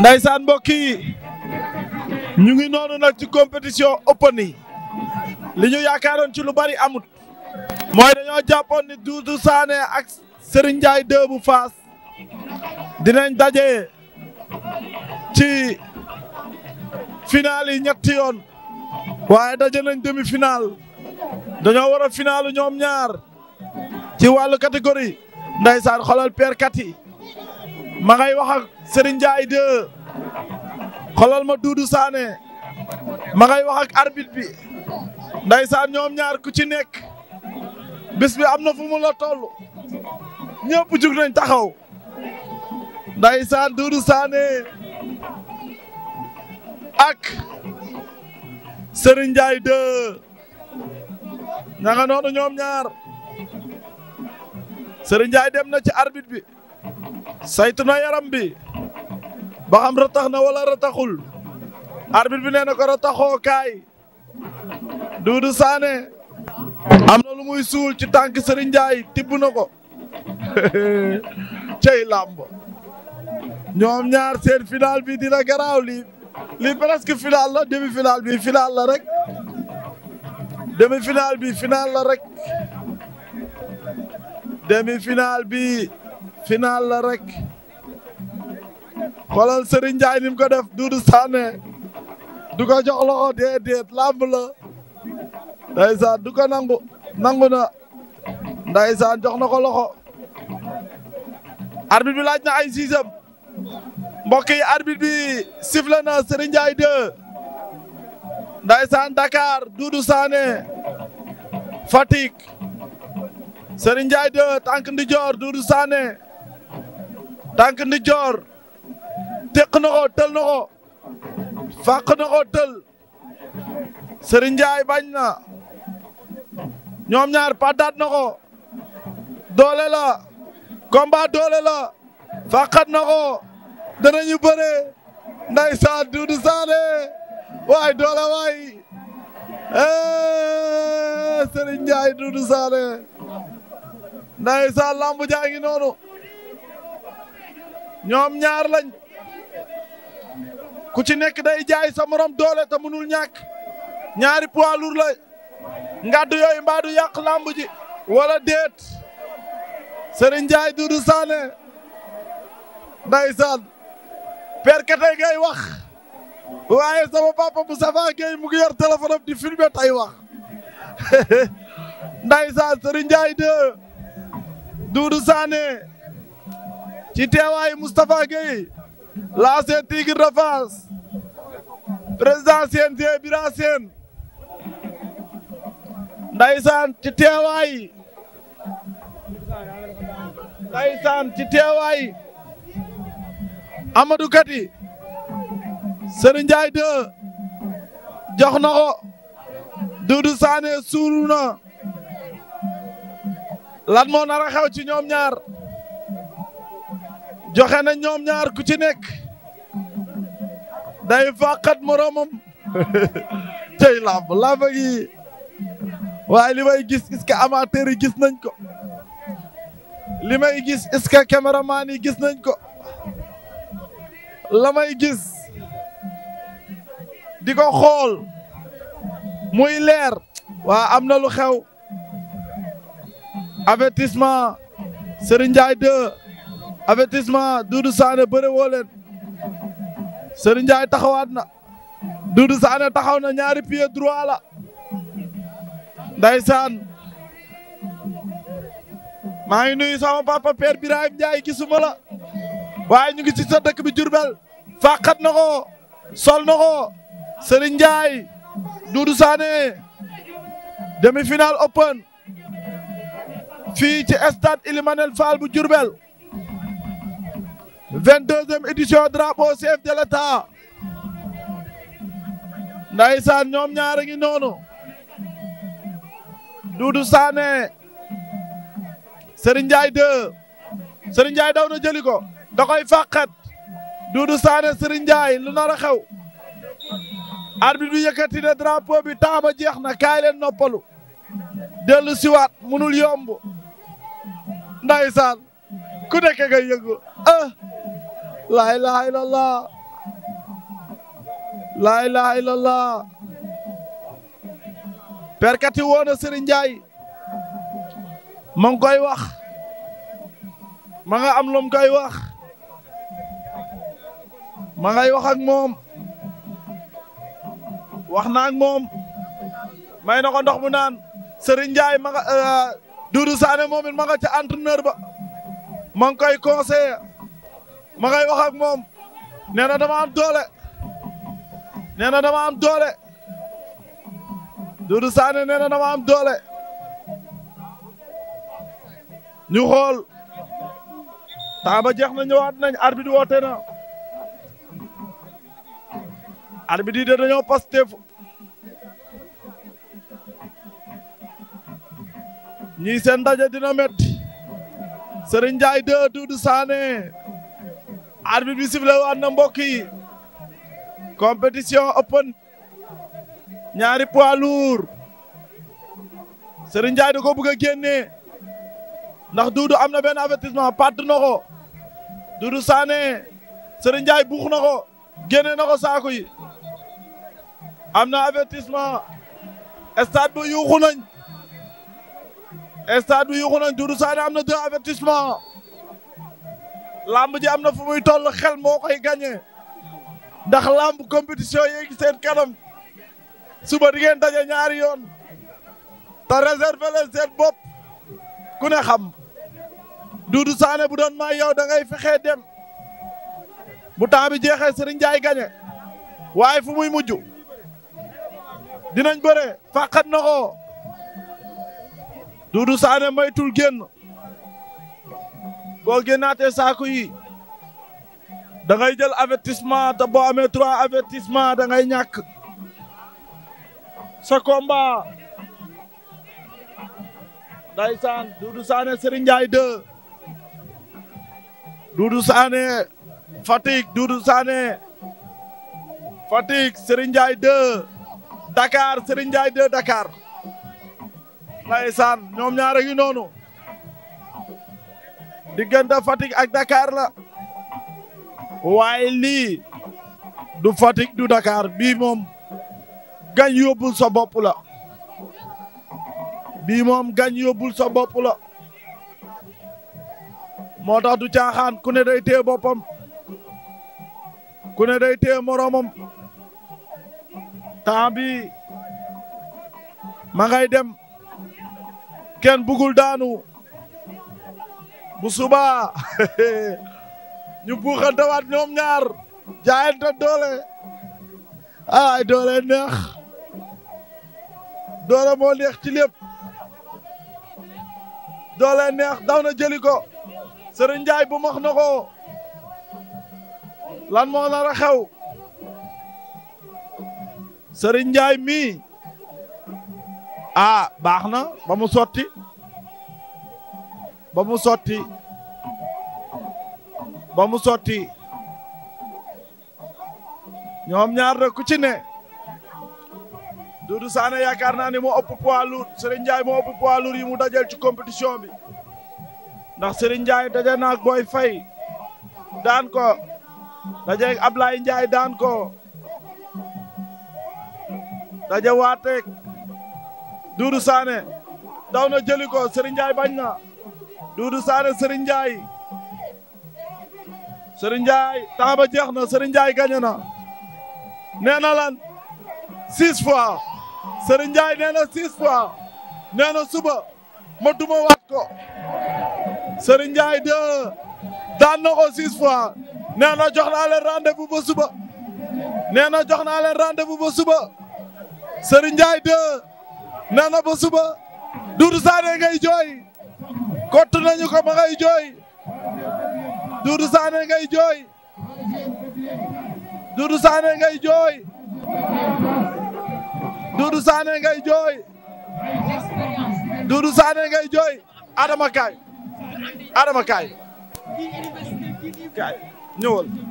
Ndaysaan mbokk yi ñu ngi noonu nag ci compétition open yi li ñu yaakaaroon ci lu bari amut. mooy dañoo jàppoon ni Doudou Sané ak Serigne Ndiaye 2 bu Fass dinañ daje ci finale yi ñetti yoon waaye daje nañ demi finale dañoo war a finale ñoom ñaar ci wàllu catégorie ndaysaan xolal perkat yi ma ngay Serigne Ndiaye 2 xolal ma Doudou Sané ma ngay wax ak arbitre bi ndaysaan ñoom ñaar ku ci nekk bis bi am na fu mu la toll ñëpp jug nañ taxaw ndaysaan Doudou saane ak Serigne Ndiaye 2 ña noonu ñoom ñaar Serigne Ndiaye dem na ci arbitre bi saytu na yaram bi ba xam ratax na wala rataxul arbitre bi nee na ko rataxoo kaay Doudou Sané am na lu muy suul ci tànk Serigne Ndiaye tibb na ko cey làmb ñoom ñaar seen final bi dina garaaw lii lii presque final la demi final bi final la rek demi final bi final la rek demi final bi final la rek xoolal Serigne Ndiaye ni ko def Doudou Sané du ko jox loxo déedéet làmb du ko nangu nangu na ndaysaan jox na ko laaj na ay siisam mbokk yi arbitre bi sifflé na Serigne Ndiaye 2 ndaysaan Dakar Doudou Sané Fatick Serigne joor Doudou Sané tànk joor teq na ko tël na ko fàq na ko tël Serigne Ndiaye bañ na ñoom ñaar pataat na ko doole la combat doole la fàqat na ko danañu bëre ndeysaan Doudou Sané waay doole waay eh Serigne Ndiaye Doudou Sané ndeysaan lamb jaa ngi noonu ñoom ñaar lañ ku ci nekk day jaay sa morom doole te mënul ñàkk ñaari poids lourd la ngàddu yooyu mbaa du yàq làmb ji wala déet Serigne Ndiaye Doudou Sané ndeysaan perkatey ngay wax waaye sama papa bu safa mu ngi yor téléphone am di filmer tey wax ndeysaan Serigne Ndiaye de Doudou Sané ci teewaayu Moustapha Gueye l'ancien Tigre de Fass président CNG Bira Sène ndaysaan ci teewaay ndaysaan ci teewaay Amadou Kati Serigne Ndiaye jox na ko Doudou Sané suuru na lan moo nar xew ci ñoom ñaar joxe na ñoom ñaar ku ci nekk day fàqat moroomam tey làmb làmb gi waaye li may gis est-ce que amateurs yi gis nañ ko li may gis est-ce que caméraman yi gis nañ ko la may gis di ko xool muy leer waa am na lu xew avertissement Serigne Ndiaye 2 avertissement Doudou Sané bëre woo leen Serigne taxawaat na Doudou Sané taxaw na ñaari pied droit la ndeysaan maa ngi nuyu sama papa Père Birahim Ndiaye gisuma la waaye ñu ngi ci sa dëkk bi Diourbel fàqat na ko sol na ko Serigne Ndiaye Doudou Sané demi-finale open fii ci stade Ilimanel Fall bu Diourbel 22e édition drapeau chef de l'État ndaysaan ñoom ñaari noonu Doudou Sané Serigne Ndiaye 2 daw na jëli ko da koy fàqat Doudou Sané Serigne lu nar xew arbitre bi yëkkati na bi temps jeex na kaay leen noppalu dellu siwaat munul yomb ndaysaan ku nekk ngay yëngu ah! laa ilaha illallah laa ilaha illallah perkati woo na Serigne njaay ma ngi koy wax ma nga am lum koy wax ma ngay waxak ak moom wax naa ak moom may na ko ndox mu naan Serigne Ndiaye ma nga euh, Doudou Sané moom it ma nga ca entraîneur ba ma koy conseiller ma ngay wax moom nee na dama am doole nee na dama am doole Doudou Sané nee na dama am doole ñu xool temps jeex na ñëwaat nañ arbitre bi woote na arbitre yi de dañoo Pastef ñii seen ndaje dina metti Serigne Ndiaye 2 Doudou Sané arbitre bi sifflé waat na mbokk yi compétition open ñaari poids lourd Serigne da ko bëgg a génne ndax Doudou am na benn avertissement pàtt na ko Doudou Sané Serigne Ndiaye buux na ko génne na ko saako yi am na avertissement stade bu yuuxu nañ stade bu yuuxu nañ Doudou Sané am na deux avertissement lamb ji am na fu muy toll xel moo koy gagné ndax lamb compétition yi seen kanam suba di ngeen daje ñaari yoon te réserver leen seen bopp ku ne xam Doudou saane bu doon maa yow da ngay fexee dem bu temps bi jeexee Serigne Ndiaye gagné waaye fu muy mujj dinañ bëre fàqat na ko Doudou Sané maytul génn boo génnaatee saako yi da jël avertissement te boo amee trois avertissement da ngay ñàkk sa combat ndaysaan Doudou Sané Serigne Ndiaye 2 Doudou Sané Fatick Doudou Sané Fatick Serigne Ndiaye Dakar Serigne Ndiaye ñoom ñaar a di diggante Fatick ak Dakar la waaye lii du fatig du dakaar bii moom gañ yóbbul sa bopp la bii moom gañ yóbbul sa bopp moo tax du caaxaan ku ne day téye boppam ku ne day téye moroomam temps bi ma dem kenn bugul daanu bu subaa ñu buuxantewaat ñoom ñaar jaayante doole ay doole neex doole moo neex ci lépp doole neex daw na jëli ko Serigne njaay bu max na ko lan moo nar a xew Serigne Ndiaye mii ah baax na ba mu sotti ba mu sotti ba mu sotti ñoom ñaar de ku ci ne Doudou Sané yaakaar naa ni moo ëpp yi mu dajal ci compétition bi ndax Serigne Ndiaye daje na ak Boy Faye daan ko daje ak Ablaye Ndiaye daan ko daje waateeg Doudou Sané daw na jëli ko bañ na Doudou Sané Serigne Ndiaye Serigne Ndiaye temps ba jeex na Serigne Ndiaye na nee na lan six fois Serigne Ndiaye nee na six suba ma duma waat ko Serigne Ndiaye deux ko six fois nee na jox naa leen rendez ba suba nee na jox naa leen rendez ba suba Serigne Ndiaye deux ba suba Doudou Sané ngay jooy kott nañu ko ma ngay jooy Doudou Sané ngay jooy Doudou Sané ngay jooy Doudou Sané ngay jooy Doudou Sané ngay jooy Adama kaay Adama kaay kaay